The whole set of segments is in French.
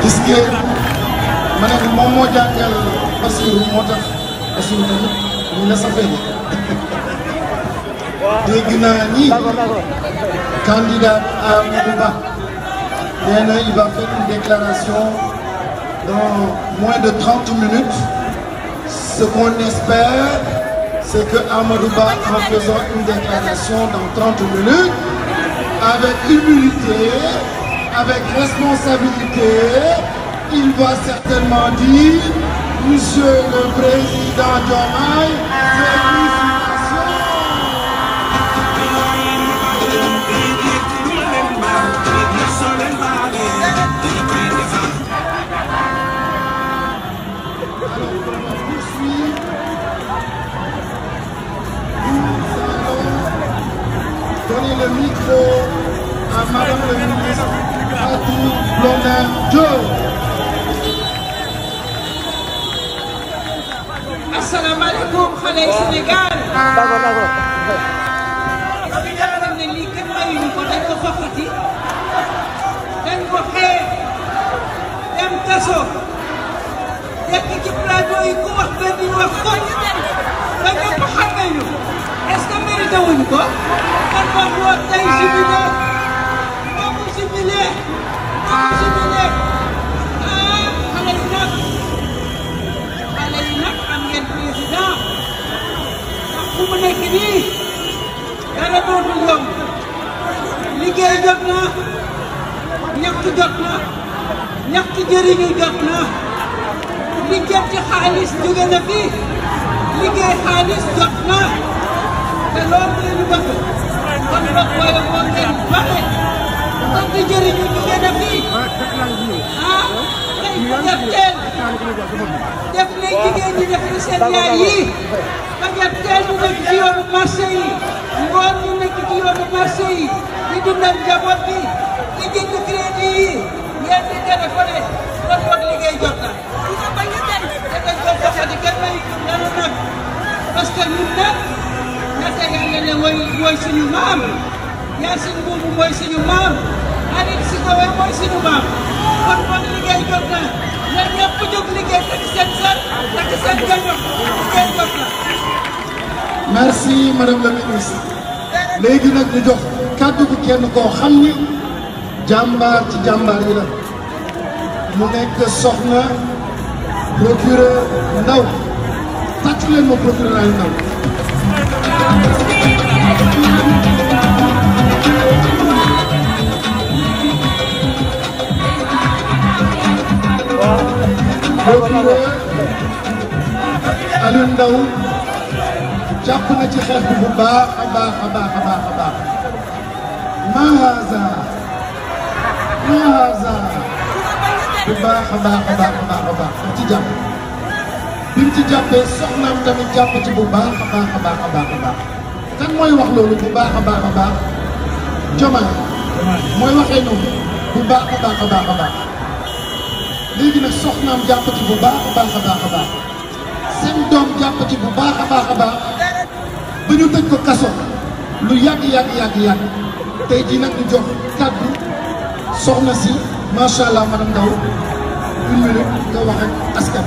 Puisque ce que, ne moom moment jàngal je moo tax Bassirou tamit ñu la candidat à Amadouba, il va faire une déclaration dans moins de 30 minutes ce qu'on espère c'est que Amadouba en faisant une déclaration dans 30 minutes avec humilité avec responsabilité, il va certainement dire Monsieur le Président Diomaye, cumpa no ah. Vamos, vamos. Juga Nabi liga hadis dokna kalau beli baku kalau kuala kuala balik tapi jari juga Nabi ah Kapten, definitely kita ini definisi nyai. Kapten juga kita masih, bukan kita orang masih. Itu dan jabati, itu kredi, yang tidak ada pada, lagi jatah. parce que ñun nag Sénégal nga ne mooy mooy suñu maam Yacine Boubou mooy suñu maam Aline Sitoé suñu maam kon kon liggéey jot na na ñëpp jóg liggéey takk seen sër takk merci madame la ministre léegi nag ñu jox kenn ci yi la mu soxna procureur ndaw. tàcc leen ma procureur Aliou Ndao procureur Aliou na ci xeex bu baax a baax a baax a baax a baax maaza maaza bu baax a baax a baax a baax a baax ci jàpp bi mu ci jàppee soxnaam tamit jàpp ci bu baax a baax a baax a baax a baax kan mooy wax loolu bu baax a baax a baax Diomaye mooy waxee noonu bu baax a baax a baax a baax léegi nag soxnaam jàpp ci bu baax a baax a baax a baax seen doom jàpp ci bu baax a baax a baax ba ñu tëj ko kaso lu yàgg yàgg yàgg yàgg tey jii nag ñu jox kàddu soxna si macha allah madame Ndao une minute nga wax ak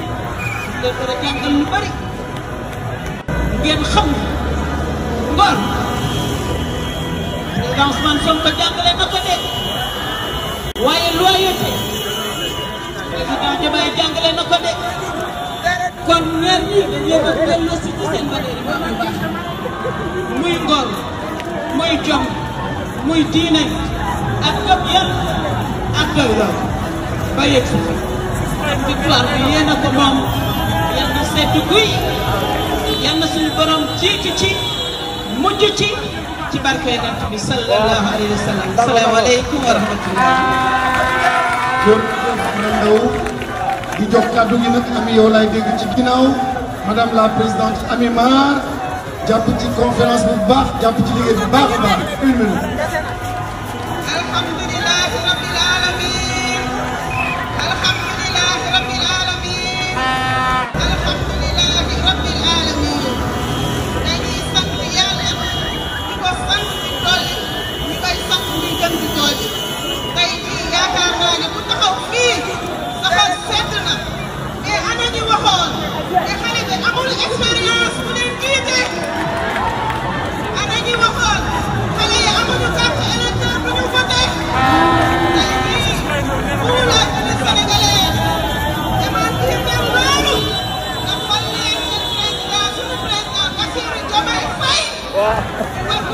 dañ leen lu bari ngeen xam ngor président Ousmane Sonko jàngale na ko na ko de kon weer yi dañ leen a delloo si ci seen valeur yi baax a muy ngor muy jom ak gëm yàlla ak doy lool ba yegg victoire bi yéen a di jox kàddu gi nag ami yow laay dégg ci ginnaaw madame la présidente Ami Mar jàpp ci conférence bu baax jàpp ci liggéey bu baax a baax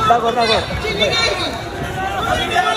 d a c u e r d a c u e r d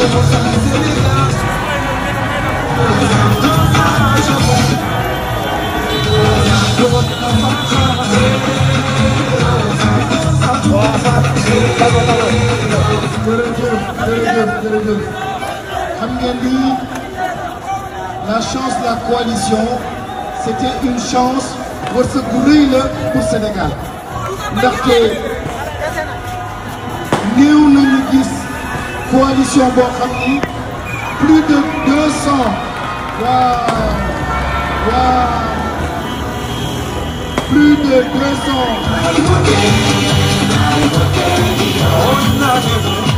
Vamos lá. la chance de la coalition, c'était une chance pour se brûler pour le Sénégal. Parce que nous coalition sénégal, plus de 200, de 200 plus de 200.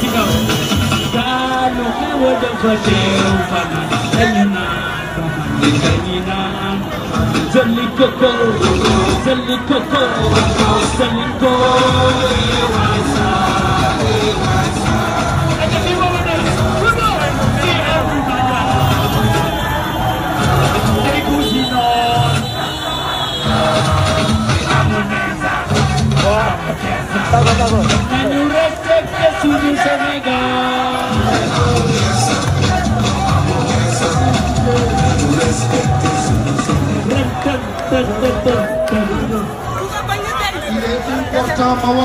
Mexico. I you on Il est important,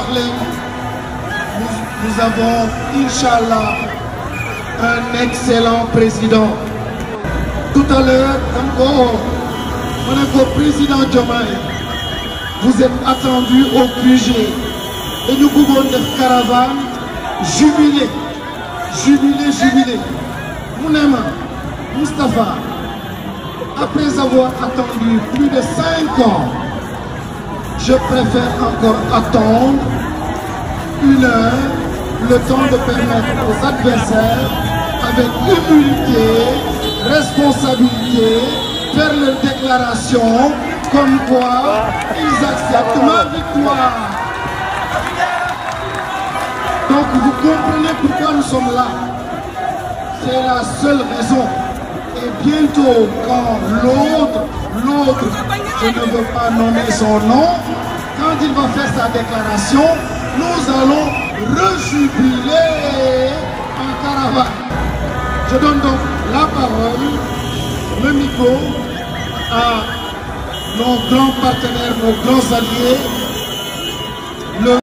nous, nous avons, Inch'Allah, un excellent président. Tout à l'heure, encore, Monaco président Jomai, vous êtes attendu au QG. Et nous pouvons notre caravane jubilé jubilé jubilé Mounema, Mustapha. après avoir attendu plus de cinq ans je préfère encore attendre une heure le temps de permettre aux adversaires avec humilité responsabilité faire leur déclaration comme quoi ils acceptent ma victoire donc vous comprenez pourquoi nous sommes là. C'est la seule raison. Et bientôt, quand l'autre, l'autre, je ne veux pas nommer son nom, quand il va faire sa déclaration, nous allons rejubiler un caravane. Je donne donc la parole, le micro, à nos grands partenaires, nos grands alliés,